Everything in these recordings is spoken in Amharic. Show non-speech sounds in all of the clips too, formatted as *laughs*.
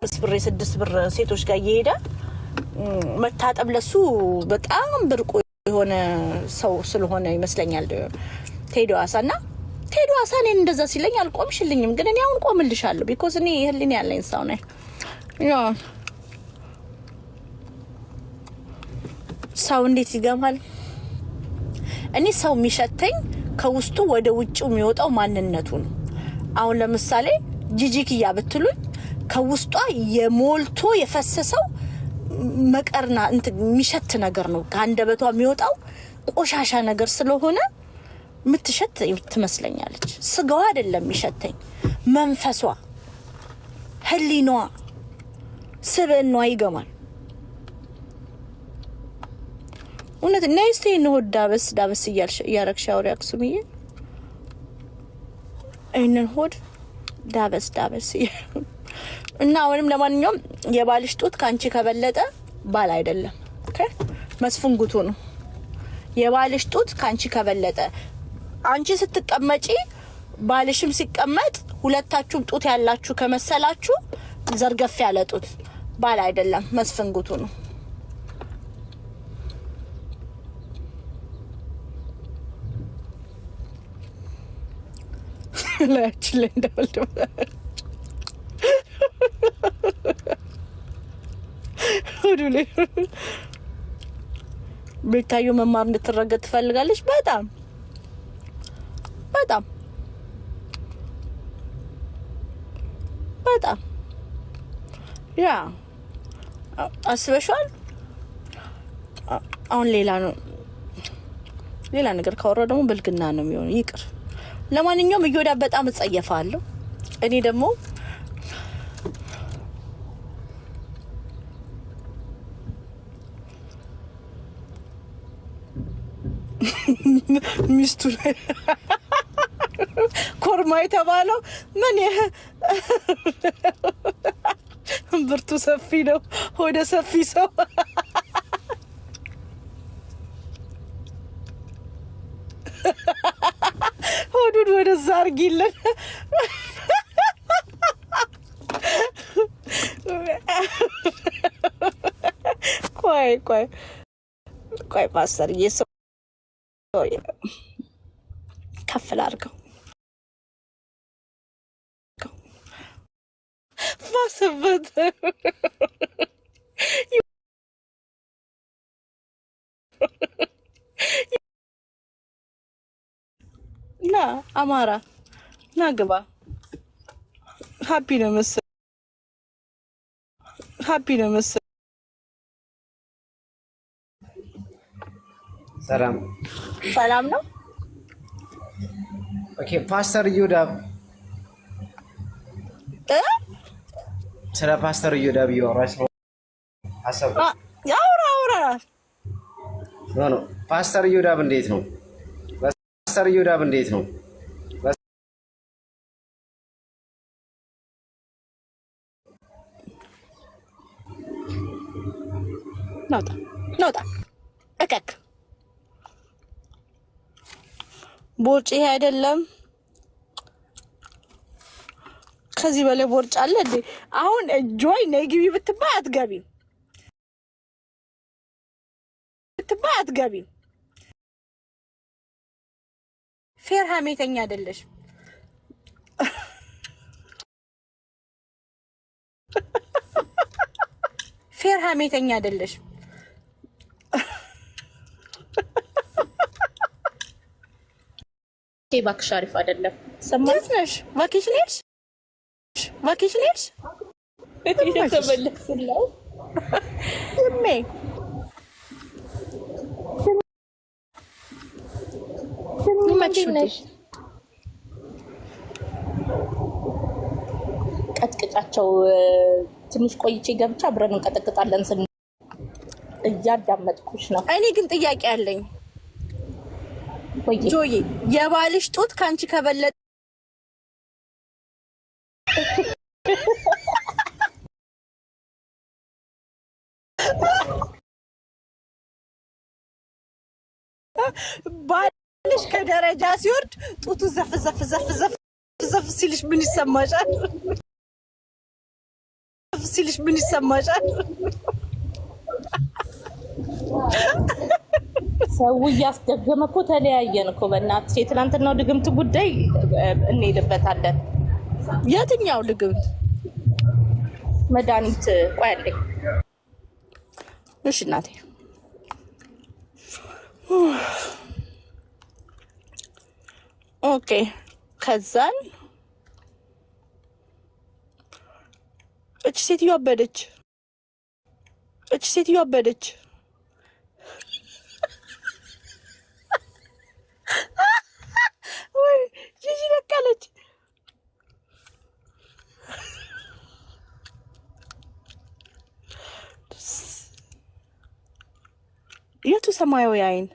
አምስት ብር የስድስት ብር ሴቶች ጋር እየሄደ መታጠብ ለሱ በጣም ብርቁ የሆነ ሰው ስለሆነ ይመስለኛል ቴዶ አሳ እና ቴዶ አሳ እኔን እንደዛ ሲለኝ አልቆምሽልኝም፣ ግን እኔ አሁን ቆምልሻለሁ። ቢኮዝ እኔ ይህልን ያለኝ ሰው ነኝ። ሰው እንዴት ይገማል? እኔ ሰው የሚሸተኝ ከውስጡ ወደ ውጭው የሚወጣው ማንነቱ ነው። አሁን ለምሳሌ ጂጂክያ ብትሉኝ ከውስጧ የሞልቶ የፈሰሰው መቀርና የሚሸት ነገር ነው። ከአንደበቷ የሚወጣው ቆሻሻ ነገር ስለሆነ የምትሸት ትመስለኛለች። ስጋዋ አይደለም የሚሸተኝ፣ መንፈሷ፣ ህሊኗ፣ ስብኗ ይገማል። እውነት እና ስቴ ነሆድ ዳበስ ዳበስ እያረግሽ አውሪ አክሱምዬ፣ ይህንን ሆድ ዳበስ ዳበስ እያ እና አሁንም ለማንኛውም የባልሽ ጡት ከአንቺ ከበለጠ ባል አይደለም። መስፍን ጉቱ ነው። የባልሽ ጡት ከአንቺ ከበለጠ አንቺ ስትቀመጪ ባልሽም ሲቀመጥ ሁለታችሁም ጡት ያላችሁ ከመሰላችሁ ዘርገፍ ያለ ጡት ባል አይደለም፣ መስፍን ጉቱ ነው። *laughs* ላያችን ላይ ቤታዩ *laughs* መማር እንድትረገጥ ትፈልጋለች። በጣም በጣም በጣም ያ አስበሽዋል። አሁን ሌላ ነው ሌላ ነገር ካወራ ደግሞ ብልግና ነው የሚሆነው። ይቅር። ለማንኛውም እየወዳ በጣም እጸየፋለሁ እኔ ደግሞ ሚስቱ ላይ ኮርማ የተባለው ምን ብርቱ ሰፊ ነው። ወደ ሰፊ ሰው ሆዱን ወደዛ አርጊለን ቆይ ቆይ ቆይ ፓስተርዬ ከፍ ላድርገው። ባሰበት ና አማራ ና ግባ። ሀፒ ነው መሰለኝ፣ ሀፒ ነው መሰለኝ። ሰላም ሰላም ነው። ኦኬ ፓስተር እዮዳብ ስለ ፓስተር እዮዳብ እያወራች ነው። ኖ ፓስተር ዩዳብ እንዴት ነው? ፓስተር ዩዳብ እንዴት ነው? ኖጣ ኖጣ እከክ ቦርጭ ይሄ አይደለም። ከዚህ በላይ ቦርጭ አለ እንዴ? አሁን ጆይ ነይ ግቢ ብትባይ አትገቢም፣ ብትባይ አትገቢም። ፌር ሀሜተኛ አይደለሽ። ፌር ሀሜተኛ አይደለሽ። ይሄ እባክሽ አሪፍ አይደለም። ሰማሽ ነሽ ቫኬሽን ሄድሽ ቫኬሽን ሄድሽ እየተመለስን ነው። ስሜ ይመችሽ። ቀጥቅጫቸው ትንሽ ቆይቼ ገብቻ አብረን እንቀጠቅጣለን። ስ እያዳመጥኩሽ ነው። እኔ ግን ጥያቄ አለኝ። ጆዬ የባልሽ ጡት ከአንቺ ከበለጠ ባልሽ ከደረጃ ሲወርድ ጡቱ ዘፍ ዘፍ ዘፍ ዘፍ ዘፍ ሲልሽ ምን ይሰማሻል? ዘፍ ሲልሽ ምን ይሰማሻል? ሰው እያስደገመ እኮ ተለያየን እኮ በእናትሽ። የትናንትናው ድግምት ጉዳይ እንሄድበታለን። የትኛው ድግምት? መድኃኒት ቆያለኝ። እሺ እናቴ ኦኬ። ከዛን እች ሴትዮ አበደች፣ እች ሴትዮ አበደች። ጅጅበቃለች የቱ ሰማያዊ አይን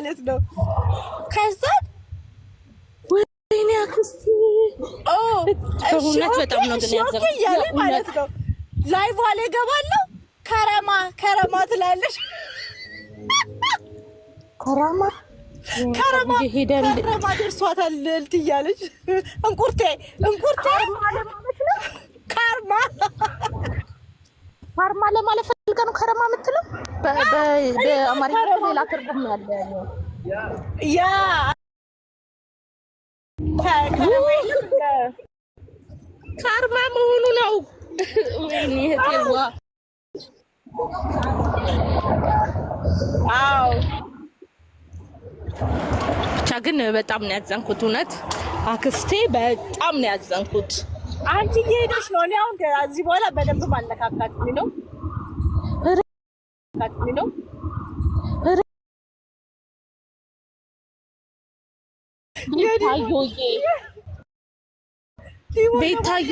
ማለት ነው። ከዛ ወይኔ ማለት ነው። ላይቭ ላይ እገባለሁ። ከረማ ከረማ ትላለች። ከረማ ከረማ ከረማ ደርሷታል ትያለች። እንቁርቴ እንቁርቴ ካርማ ካርማ ለማለት ፈልጋ ነው ከረማ የምትለው በአማርኛ ሌላ ትርጉም ያለ ያ ካርማ መሆኑ ነው። ወይኔ እህቴዋ አዎ። ብቻ ግን በጣም ነው ያዘንኩት። እውነት አክስቴ በጣም ነው ያዘንኩት። አንቺ እየሄደች ነው። እኔ አሁን ከዚህ በኋላ በደንብ ማለካካት ነው ነው ቤታዬ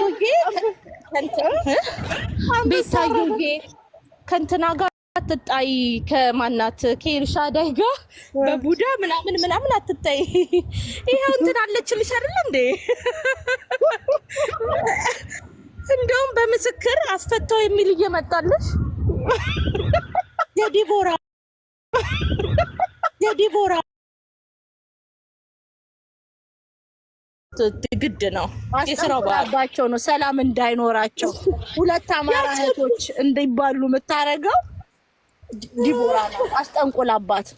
ከእንትና ጋር አትጣይ፣ ከማናት ከኤልሻዳይ ጋር በቡዳ ምናምን ምናምን አትጣይ። ይኸው እንትን አለችልሽ አይደል እንዴ? እንደውም በምስክር አስፈታው የሚል እየመጣለሽ የዲቦራ የዲቦራ ግድ ነው የስራባቸው ነው ሰላም እንዳይኖራቸው ሁለት አማራ እህቶች እንዲባሉ የምታደርገው ዲቦራ ነው። አስጠንቁላባት።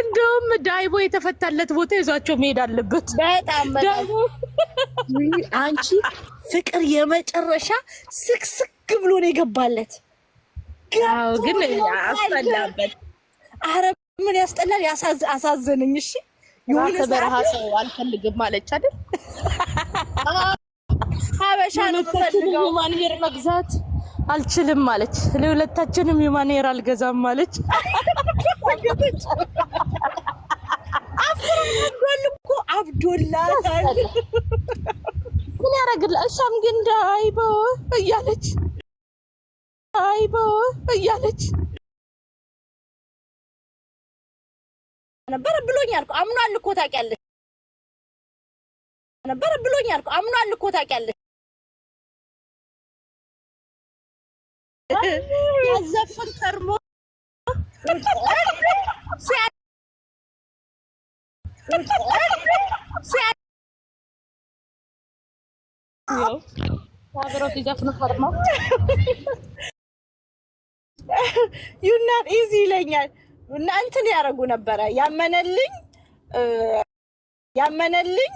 እንደውም ዳይቦ የተፈታለት ቦታ ይዟቸው መሄድ አለበት። በጣም በጣም አንቺ ፍቅር የመጨረሻ ስቅስቅ ብሎ ነው የገባለት። ግን አስጠላበት። አረ ምን ያስጠላል? አሳዘነኝ። እሺ የሆነ በረሃ ሰው አልፈልግም አለች አይደል? ሀበሻ ነው የምፈልገው። ማንሄር መግዛት አልችልም ማለች። ለሁለታችንም የማንሄር አልገዛም ማለች። አፍሮል እኮ አብዶላ ምን ያደርግላ? እሷም ግን ዳይቦ እያለች እያለች ነበረ ብሎኛል እኮ አምኗል እኮ ታውቂያለሽ ነበረ ብሎኛል እኮ አምኗል እኮ ታውቂያለሽ ያዘፍን ተርሞ አብረው ሲዘፍኑ ተርሞ ዩናት *laughs* ኢዚ ይለኛል እና እንትን ያደረጉ ነበረ ያመነልኝ ያመነልኝ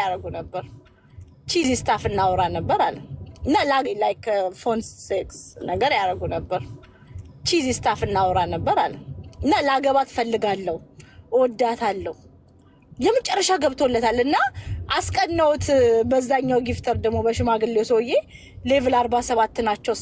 ያደረጉ ነበር። ቺዚ ስታፍ እናወራ ነበር አለ እና ላይክ ፎን ሴክስ ነገር ያደረጉ ነበር። ቺዚ ስታፍ እናወራ ነበር አለ እና ላገባ ትፈልጋለሁ፣ እወዳታለሁ የመጨረሻ ገብቶለታል እና አስቀነውት። በዛኛው ጊፍተር ደግሞ በሽማግሌው ሰውዬ ሌቭል አርባ ሰባት ናቸው።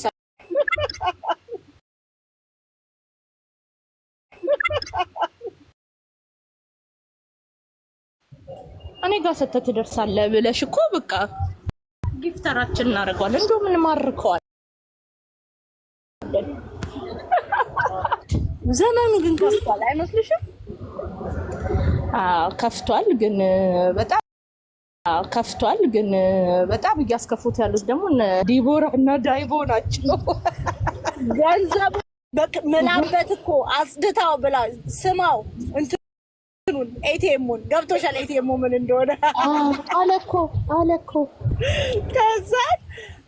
እኔ ጋር ሰተ ትደርሳለ ብለሽ እኮ በቃ ጊፍተራችን እናደርገዋለን። እንዲሁ ምን ማርከዋል። ዘመኑ ግን ከፍቷል አይመስልሽም? ከፍቷል ግን በጣም ከፍቷል። ግን በጣም እያስከፉት ያሉት ደግሞ ዲቦራ እና ዳይቦ ናቸው። ገንዘቡ ምናበት እኮ አጽድታው ብላ ስማው እንትኑን ኤቲኤሙን ገብቶሻል። ኤቲኤሙ ምን እንደሆነ አለኮ አለኮ። አለ ከዛ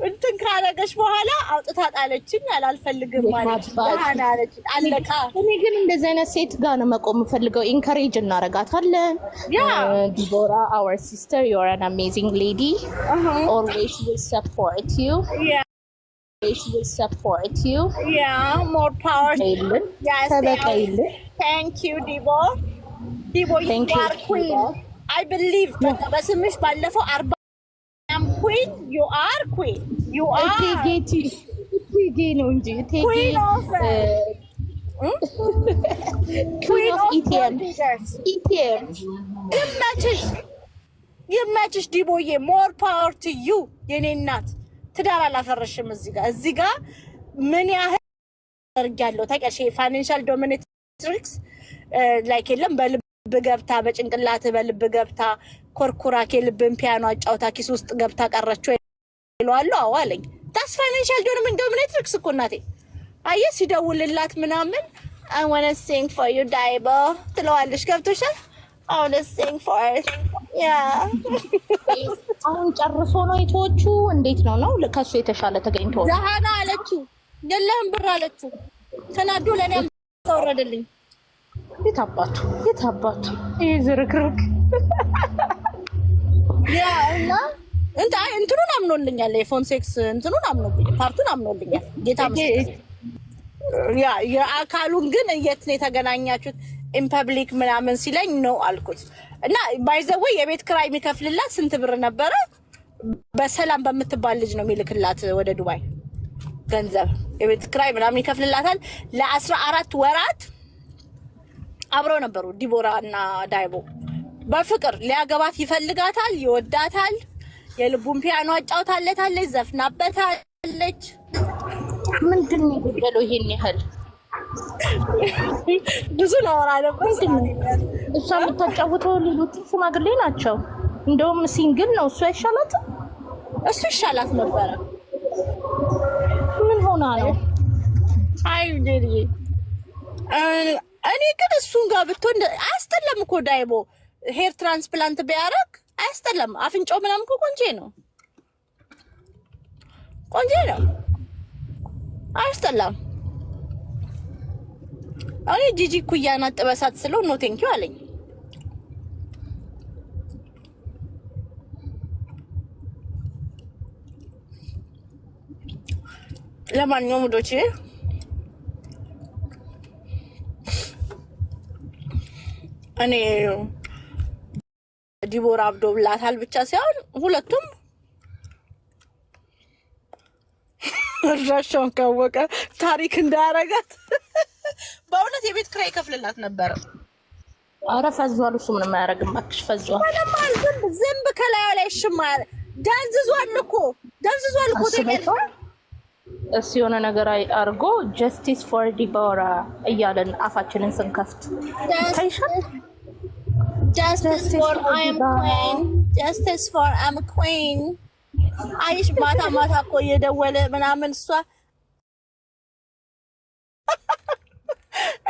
እንትን ካረገች በኋላ አውጥታ ጣለችኝ። አላልፈልግም አለችኝ። አለቃ እኔ ግን እንደዚህ አይነት ሴት ጋር ነው መቆም የምፈልገው። ኢንካሬጅ እናረጋታለን። ዲቦራ አወር ሲስተር ዩ አር አን አሜዚንግ ሌዲ ኦልዌይስ ዊል ሰፖርት ዩ ሰፖርት ዩ ሞር ፓወር ተበቀይልን። ታንክ ዩ ዲቦ አይ ብሊቭ በስምሽ ባለፈው አርባ እቴጌ ነው እንጂ እቴጌ ይመችሽ ይመችሽ። ዲቦዬ ሞር ፓወር ቱ ዩ የኔ እናት። ትዳር አላፈረሽም። እዚህ ጋር እዚህ ጋር ምን ያህል አድርጊያለሁ ታውቂያለሽ። ላይክ የለም በል ገብታ በጭንቅላት በልብ ገብታ ኮርኩራኬ ልብን ፒያኖ አጫውታ ኪስ ውስጥ ገብታ ቀረችው ይለዋሉ። አዎ አለኝ። ታስ ፋይናንሻል ዶንም እንደውም ኔትፍሊክስ እኮ እናቴ አየ ሲደውልላት ምናምን አይዋነ ሲንግ ፎር ዩ ዳይቦ ትለዋለች። ገብቶሻል? አሁን ጨርሶ ነው የቶቹ እንዴት ነው ነው ከሱ የተሻለ ተገኝቶ ዛሃና አለችው የለህም ብር አለችው። ተናዶ ለእኔ ተወረደልኝ። የት አባቱ የት አባቱ ይህ ዝርክርክ እና አይ እንትኑን አምኖልኛል። የፎን ሴክስ እንትኑን አምኖልኛል። ፓርቱን አምኖልኛል። ጌታ ያ የአካሉን ግን የት ነው የተገናኛችሁት? ኢንፐብሊክ ምናምን ሲለኝ ነው አልኩት። እና ባይዘወይ የቤት ክራይ የሚከፍልላት ስንት ብር ነበረ? በሰላም በምትባል ልጅ ነው የሚልክላት ወደ ዱባይ ገንዘብ የቤት ክራይ ምናምን ይከፍልላታል ለአስራ አራት ወራት አብረው ነበሩ ዲቦራ እና ዳይቦ በፍቅር ሊያገባት ይፈልጋታል፣ ይወዳታል። የልቡን ፒያኖ አጫውታለታለች፣ ዘፍናበታለች። ምንድን ነው የጎደለው ይሄን ያህል? ብዙ ለወራ ነበር። እሷ የምታጫውተው ሌሎቹ ሽማግሌ ናቸው። እንደውም ሲንግል ነው እሱ አይሻላት፣ እሱ ይሻላት ነበረ። ምን ሆና ነው? አይ እኔ ግን እሱን ጋር ብትሆን አያስጠላም እኮ ዳይቦ ሄር ትራንስፕላንት ቢያረግ አያስጠላም። አፍንጮ ምናምን እኮ ቆንጆ ነው፣ ቆንጆ ነው፣ አያስጠላም። እኔ ጂጂ ኩያና ጥበሳት ስለው ኖ ቴንኪ አለኝ። ለማንኛውም ውዶቼ እኔ ዲቦራ አብዶ ብላታል ብቻ ሳይሆን ሁለቱም እድራሻውን ካወቀ ታሪክ እንዳያረጋት በእውነት የቤት ክራይ ይከፍልላት ነበረ። አረ ፈዟል። እሱ ምንም አያረግም። እባክሽ ፈዟል። ዝንብ ዝንብ ከላዩ ላይ ሽማ ደንዝዟል እኮ ደንዝዟል እኮ እሱ የሆነ ነገር አድርጎ ጀስቲስ ፎር ዲቦራ እያለን አፋችንን ስንከፍት ታይሻል። ጀስትስ ፎር አይም ኩን ጀስትስ ፎር አይም ኩን። አይሽ ማታ ማታ እኮ እየደወለ ምናምን እሷ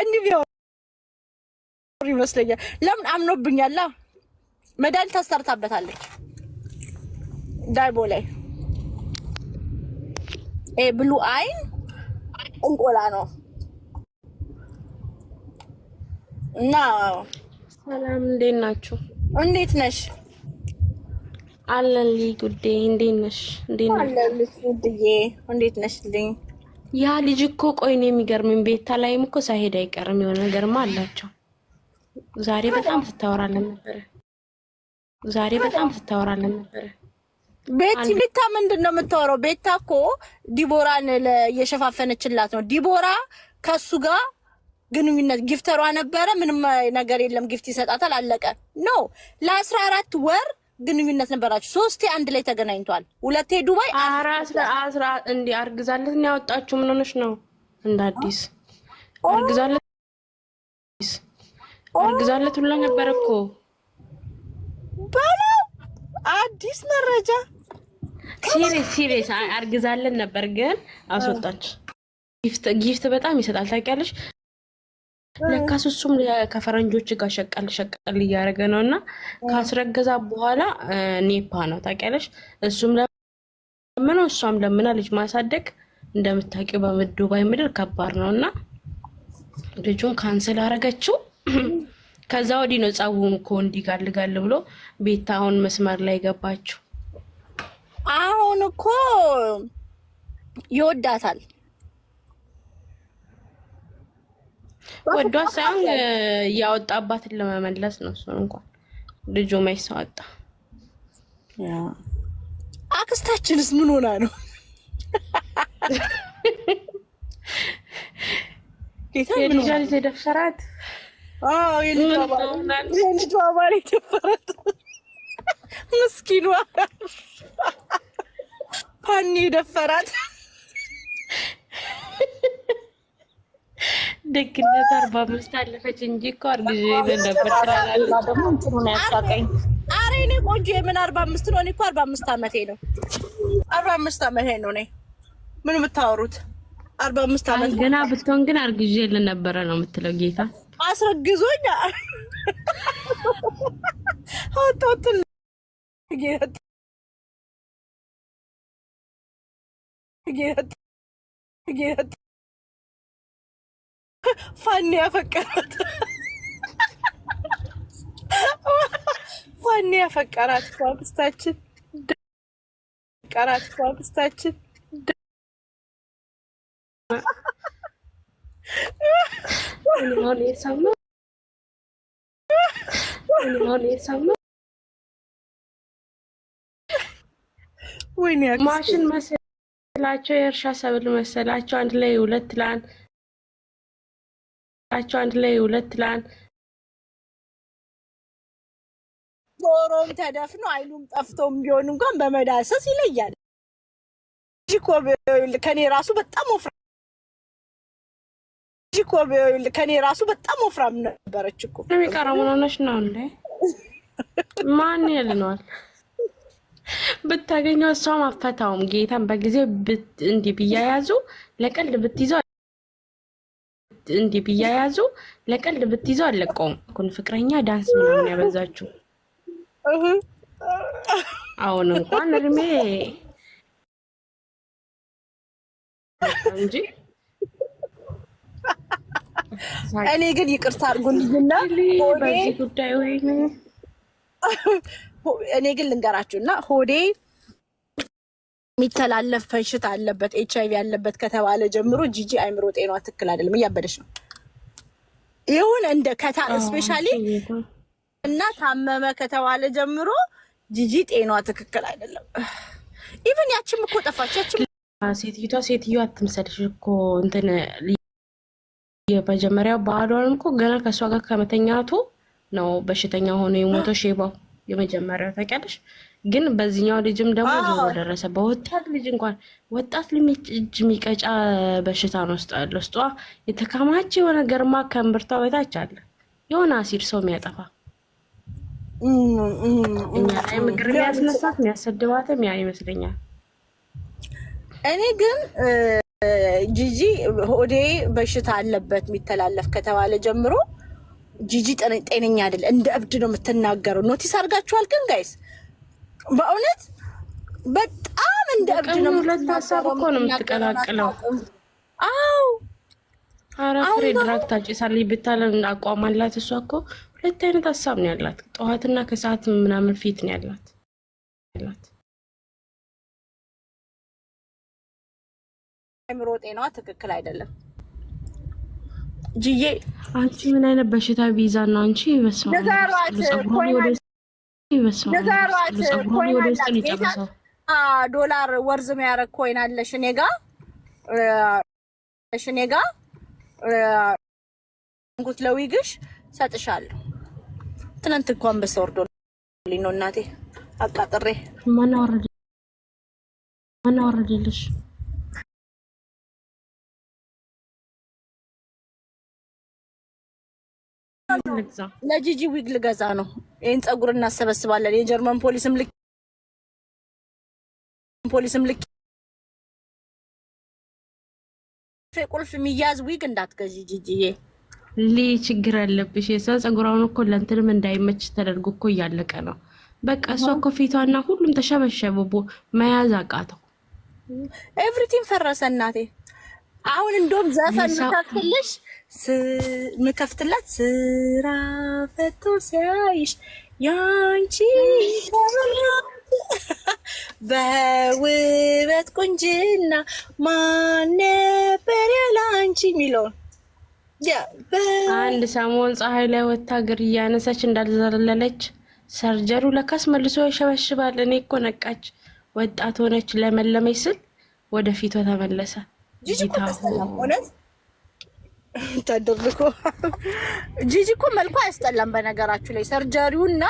እንዲህ ቢሆን ይመስለኛል። ለምን አምኖብኛላ? መድኃኒት ታሰርታበታለች? ዳይቦ ላይ ብሉ አይን እንቆላ ነው እና ሰላም፣ እንዴት ናችሁ? እንዴት ነሽ? አለልኝ ጉዴ። እንዴት ነሽ? እንዴት ነሽ? ጉዴ። እንዴት ነሽ? ያ ልጅ እኮ ቆይ ነው የሚገርምኝ። ቤታ ላይም እኮ ሳይሄድ አይቀርም። የሆነ ነገርማ አላቸው። ዛሬ በጣም ስታወራለን ነበረ። ዛሬ በጣም ነበረ። ቤቲ ቤታ ምንድን ነው የምታወራው? ቤታ እኮ ዲቦራን እየሸፋፈነችላት ነው። ዲቦራ ከሱ ጋር ግንኙነት ጊፍተሯ ነበረ። ምንም ነገር የለም። ጊፍት ይሰጣታል፣ አለቀ። ኖ ለአስራ አራት ወር ግንኙነት ነበራችሁ። ሶስቴ አንድ ላይ ተገናኝቷል። ሁለቴ ዱባይ እንዲ አርግዛለት ያወጣችሁ። ምን ሆነች ነው? እንደ አዲስ አርግዛለት አርግዛለት ሁላ ነበረ እኮ በለው። አዲስ መረጃ ሲሪስ ሲሪስ አርግዛለን ነበር ግን አስወጣች። ጊፍት በጣም ይሰጣል ታውቂያለሽ። ለካስ እሱም ከፈረንጆች ጋር ሸቀል ሸቀል እያደረገ ነው። እና ካስረገዛ በኋላ ኔፓ ነው ታውቂያለሽ። እሱም ለምነው እሷም ለምና ልጅ ማሳደግ እንደምታውቂው በምዱባይ ምድር ከባድ ነው። እና ልጁን ካንስል አረገችው። *clears throat* ከዛ ወዲህ ነው ጸቡን እኮ እንዲጋልጋል ብሎ ቤታ አሁን መስመር ላይ ገባችው። አሁን እኮ ይወዳታል ወዷ ሳይሆን ያወጣ አባትን ለመመለስ ነው። እሱን እንኳን ልጁ መች አጣ። አክስታችንስ ምን ሆና ነው? የልጇ ልጅ የደፈራት የልጇ ባል የደፈራት ምስኪኗ ፓኒ የደፈራት ደግነት አርባ አምስት አለፈች እንጂ እኮ አርግዤ ነበር። ደግሞ እንትኑ አረ እኔ ቆንጆ የምን አርባ አምስት ነው? እኔ እኮ አርባ አምስት አመቴ ነው። አርባ አምስት አመቴ ነው። እኔ ምን የምታወሩት አርባ አምስት አመት ገና ብትሆን ግን አርግዤ ልነበረ ነው የምትለው። ጌታ አስረግዞኝ አጣጥል ጌታ ጌታ ጌታ ፋኒ ያፈቀራት ፋኒ ያፈቀራት አክስታችን ቀራት አክስታችን ማሽን መሰላቸው የእርሻ ሰብል መሰላቸው አንድ ላይ ሁለት ላን ቃቸው አንድ ላይ ሁለት ላን ጆሮም ተደፍኖ አይሉም ጠፍቶም ቢሆን እንኳን በመዳሰስ ይለያል። ከኔ ራሱ በጣም ወፍራም ከኔ ራሱ በጣም ወፍራም ነበረች እኮ። የሚቀረው ምን ነው እንዴ? ማን ይልነዋል? ብታገኘው እሷም አፈታውም ጌታን በጊዜው እንዲህ ብያያዙ ለቀልድ ብትይዘው እንዲህ ብያያዙ ለቀልድ ብትይዘው አለቀውም። ኩን ፍቅረኛ ዳንስ ምናምን ያበዛችው አሁን እንኳን እድሜ እንጂ እኔ ግን ይቅርታ አድርጉልኝና በዚህ ጉዳይ ወይ እኔ ግን ልንገራችሁና ሆዴ የሚተላለፍ በሽታ አለበት ኤች አይቪ ያለበት ከተባለ ጀምሮ ጂጂ አይምሮ ጤኗ ትክክል አይደለም፣ እያበደች ነው። ይሁን እንደ ከታ ስፔሻሊ እና ታመመ ከተባለ ጀምሮ ጂጂ ጤኗ ትክክል አይደለም። ኢቨን ያችም እኮ ጠፋች። ያችም ሴትዮቷ ሴትዮ አትምሰልሽ እኮ እንትን የመጀመሪያው ባሏን እኮ ገና ከእሷ ጋር ከመተኛቱ ነው በሽተኛ ሆኖ የሞተው ሼባው የመጀመሪያው ታውቂያለሽ። ግን በዚህኛው ልጅም ደግሞ ዞሮ ደረሰ። በወጣት ልጅ እንኳን ወጣት ልጅ እጅ የሚቀጫ በሽታ ነው ውስጥ ያለ ውስጧ የተከማቸ የሆነ ገርማ ከእምብርቷ በታች አለ የሆነ አሲድ ሰው የሚያጠፋ እኛ ላይ ምግር የሚያስነሳት የሚያሰድባትም ያ ይመስለኛል። እኔ ግን ጂጂ ሆዴ በሽታ አለበት የሚተላለፍ ከተባለ ጀምሮ ጂጂ ጤነኛ አይደለም። እንደ እብድ ነው የምትናገረው። ኖቲስ አድርጋችኋል ግን ጋይስ በእውነት በጣም እንደ እብድ ነው። ሁለት ሀሳብ እኮ ነው የምትቀላቅለው። አዎ ኧረ ፍሬ ድራግ ታጭሳለች ብታለን አቋም አላት። እሷ እኮ ሁለት አይነት ሀሳብ ነው ያላት። ጠዋትና ከሰዓት ምናምን ፊት ነው ያላት ያላት አእምሮ ጤናዋ ትክክል አይደለም። ጅዬ አንቺ ምን አይነት በሽታ ቢይዛ ነው አንቺ መስማት ዶላር ወርዝ የሚያደርግ ኮይን አለ እኔ ጋ እኔ ጋ ንጉት ለዊግሽ ሰጥሻለሁ። ትናንት እንኳን አንበሳ ወርዶልኝ ነው እናቴ አቃጥሬ ማና ወረደልሽ? ለጂጂ ዊግ ልገዛ ነው። ይህን ጸጉር እናሰበስባለን። የጀርመን ፖሊስም ልክ ፖሊስም ልክ ቁልፍ የሚያዝ ዊግ እንዳትገዢ ጂጂዬ። ሌ ችግር አለብሽ። የሰው ጸጉሯን እኮ ለእንትንም እንዳይመች ተደርጎ እኮ እያለቀ ነው። በቃ እሷ እኮ ፊቷና ሁሉም ተሸበሸበቦ መያዝ አቃተው። ኤቭሪቲንግ ፈረሰ እናቴ። አሁን እንደውም ዘፈን ታክልሽ ምከፍትላት ስራ ፈቶ ሲያይሽ ያንቺ በውበት ቁንጅና ማነበር ያለ አንቺ የሚለውን አንድ ሰሞን ፀሐይ ላይ ወታ እግር እያነሰች እንዳልዘለለች ሰርጀሩ ለካስ መልሶ ይሸበሽባል። እኔ እኮ ነቃች፣ ወጣት ሆነች፣ ለመለመች ስል ወደፊቷ ተመለሰ። ተደርጎ ጂጂ እኮ መልኩ አያስጠላም። በነገራችሁ ላይ ሰርጀሪውና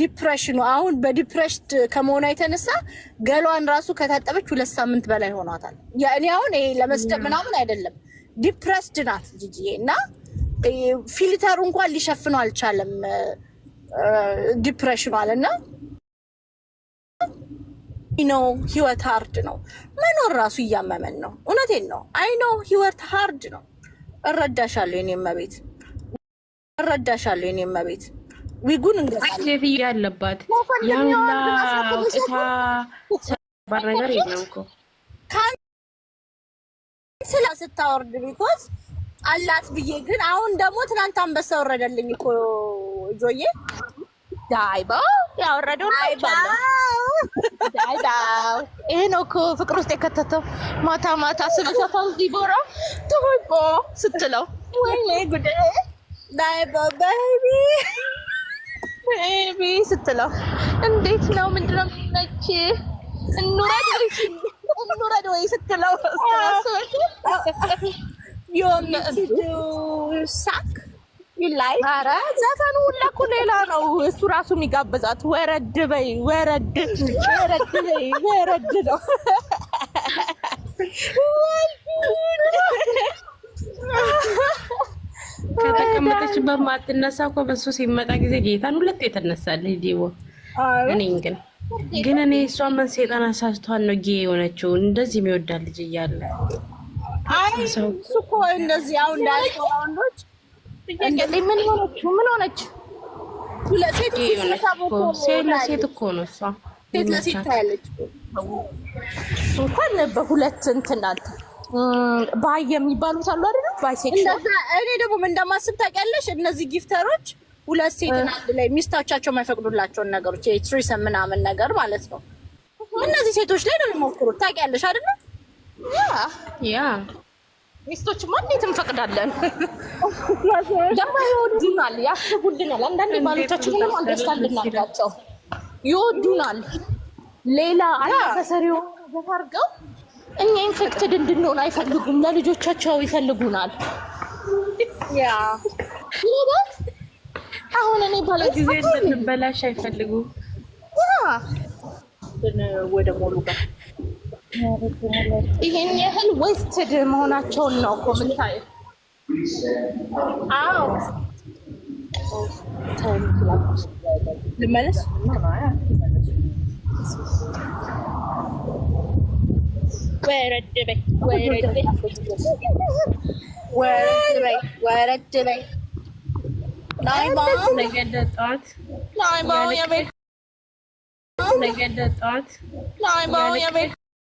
ዲፕሬሽኑ አሁን በዲፕሬሽድ ከመሆኗ የተነሳ ገሏን ራሱ ከታጠበች ሁለት ሳምንት በላይ ሆኗታል። እኔ አሁን ይሄ ለመስደብ ምናምን አይደለም፣ ዲፕሬስድ ናት ጂጂ እና ፊልተሩ እንኳን ሊሸፍነው አልቻለም ዲፕሬሽኑ አለና ነው ህይወት ሀርድ ነው መኖር ራሱ እያመመን ነው። እውነቴን ነው። አይ ነው ህይወት ሀርድ ነው። እረዳሻለሁ የኔ እመቤት፣ እረዳሻለሁ የኔ እመቤት። ዊጉን እንገዛለን ያለባት ያሁላ እታ ባር የለም እኮ ስላ ስታወርድ ቢኮዝ አላት ብዬ ግን አሁን ደግሞ ትናንት አንበሳ ወረደልኝ እኮ ጆዬ ዳይባ ያወረደው ዳይባው ይሄ ነው እኮ ፍቅር ውስጥ የከተተው። ማታ ማታ ስመሻታል ዲቦራ ተሆይቦ ስትለው ወይኔ ጉድ ዳይባ ቤቢ ቤቢ ስትለው እንዴት ነው ምንድነው የሚመች እንውረድ እንውረድ ወይ ስትለው ዮሚ ሳክ ይላይ አረ ዘፈኑ ሁላ እኮ ሌላ ነው። እሱ ራሱ የሚጋብዛት ወረድ በይ ወረድ ወረድ በይ ወረድ ነው። ከተቀመጠች በማትነሳ እኮ በእሱ ሲመጣ ጊዜ ጌታን ሁለት የተነሳለ ዲቦ እኔ ግን ግን እኔ እሷ ምን ሴጣን አሳስቷን ነው ጌ የሆነችው እንደዚህ የሚወዳ ልጅ እያለ እሱ እኮ እንደዚህ አሁን እንዳልከው ወንዶች ምን ሆነች? ምን ሆነች? ሴት እኮ ነው እሷ። ሴት ለሴት ታያለች እንኳን በሁለት ባይ የሚባሉት አሉ አይደል? ባይ ሴት እኔ ደግሞ እንደማስብ ታውቂያለሽ? እነዚህ ጊፍተሮች ሁለት ሴትን አንድ ላይ የማይፈቅዱላቸውን ነገሮች ምናምን ነገር ማለት ነው። እነዚህ ሴቶች ላይ ነው የሚሞክሩት። ታውቂያለሽ አይደል? ያ ያ ሚስቶች ማ እንዴት እንፈቅዳለን? ደግሞ ይወዱናል፣ ያስቡልናል። አንዳንድ ባሎቻችን ምንም አንደርስታ እንድናጋቸው ይወዱናል። ሌላ አሰሪ አድርገው እኛ ኢንፌክትድ እንድንሆን አይፈልጉም። ለልጆቻቸው ይፈልጉናል። አሁን እኔ ባለ ጊዜ እንድንበላሽ አይፈልጉም። ወደ ሞሉ ጋር ይህን ያህል ወስትድ መሆናቸውን ነው እኮ የምታየው። አዎ ልመለስ ወረድ በይ ወረድ በይ። ነገ ጠዋት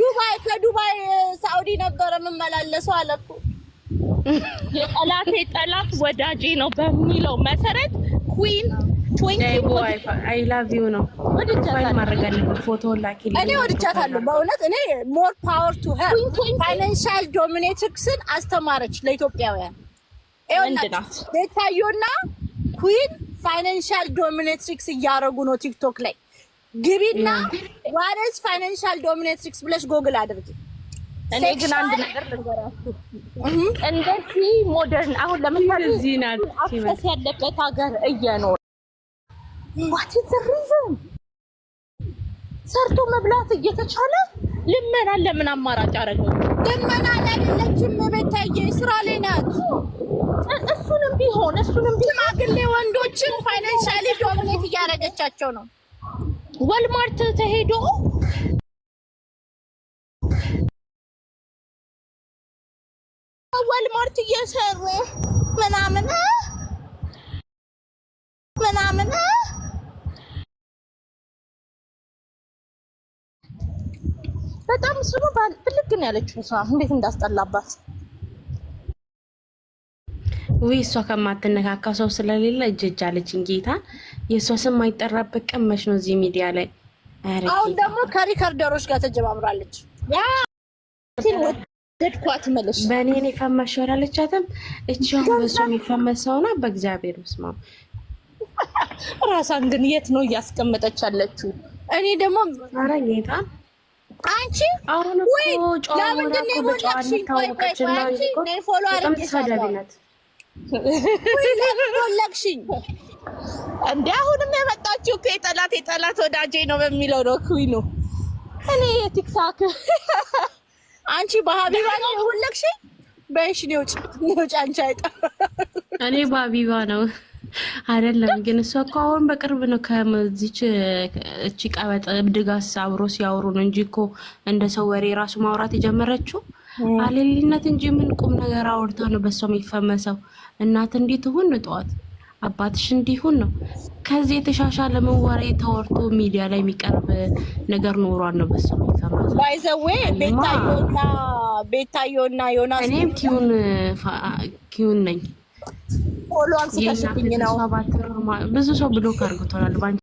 ዱባይ ከዱባይ ሳኡዲ ነበረ የምመላለሰው የጠላቴ ጠላት ወዳጄ ነው በሚለው መሰረት ኩዊን አይ ላቭ ዩ ነው ፕሮፋይል ማድረግ አለብን። ፎቶ ላኪልኝ። እኔ ወድቻታለሁ በእውነት እኔ ሞር ፓወር ቱ ሄር። ፋይናንሻል ዶሚኔትሪክስን አስተማረች ለኢትዮጵያውያን። ይኸውና ቤታዮና ኩዊን ፋይናንሻል ዶሚኔትሪክስ እያደረጉ ነው ቲክቶክ ላይ። ግቢና ዋረስ ፋይናንሻል ዶሚኔትሪክስ ብለሽ ጎግል አድርጊ። እኔ ግን አንድ ነገር ልንገራችሁ፣ እንደዚህ ሞደርን አሁን ለምሳሌ አክሰስ ያለበት ሀገር እየኖር ዋት ዘ ሪዝን ሰርቶ መብላት እየተቻለ ልመና ለምን አማራጭ አደረገው? ልመና ላይ ለችም ስራ ላይ ናት። እሱንም ቢሆን እሱንም ቢሆን ሽማግሌ ወንዶችን ፋይናንሻሊ ዶሚኔት እያደረገቻቸው ነው። ወልማርት ተሄዶ ወልማርት እየሰሩ ምናምን ምናምን በጣም ስሙ ብልግ ነው ያለችው። እሷ እንዴት እንዳስጠላባት ውይ እሷ ከማትነካካ ሰው ስለሌለ እጅ እጅ አለችኝ። ጌታ የእሷ ስም አይጠራበት ቀመሽ ነው እዚህ ሚዲያ ላይ። አሁን ደግሞ ከሪከርደሮች ጋር ተጀማምራለች። ወደድኳት መለሱ። በእኔ ነው የፈመሸው ያለቻትም እቺ አሁን በእሱ የሚፈመሰውና በእግዚአብሔር ስማ። *laughs* ራሷን ግን የት ነው እያስቀመጠች ያለችው? እኔ ደግሞ ኧረ ጌታ አንቺ ወይ አሁንም የመጣችው እኮ የጠላት የጠላት ወዳጄ ነው በሚለው ነው እኔ የቲክታክ *laughs* አንቺ በሀቢባ ነው በይሽ ነው ውጭ ነው ውጭ አንቺ እኔ በሀቢባ ነው አይደለም ግን እሷ እኮ አሁን በቅርብ ነው ከዚች እቺ ቀበጥ እብድ አብሮ ሲያወሩ ነው እንጂ እኮ እንደ ሰው ወሬ ራሱ ማውራት የጀመረችው አሌሊነት እንጂ ምን ቁም ነገር አውርታ ነው በእሷ የሚፈመሰው? እናት እንዲህ ትሁን ነው ጠዋት፣ አባትሽ እንዲሁን ነው። ከዚህ የተሻሻለ ምን ወሬ ተወርቶ ሚዲያ ላይ የሚቀርብ ነገር ኖሯል ነው በእሷ የሚፈመሰው? ባይዘዌ ቤታዮና ቤታዮና ዮናስ እኔም ኪዩን ኪዩን ነኝ ፎሎ አንስተሽብኝ ነው። ብዙ ሰው ብሎክ አድርጎታል።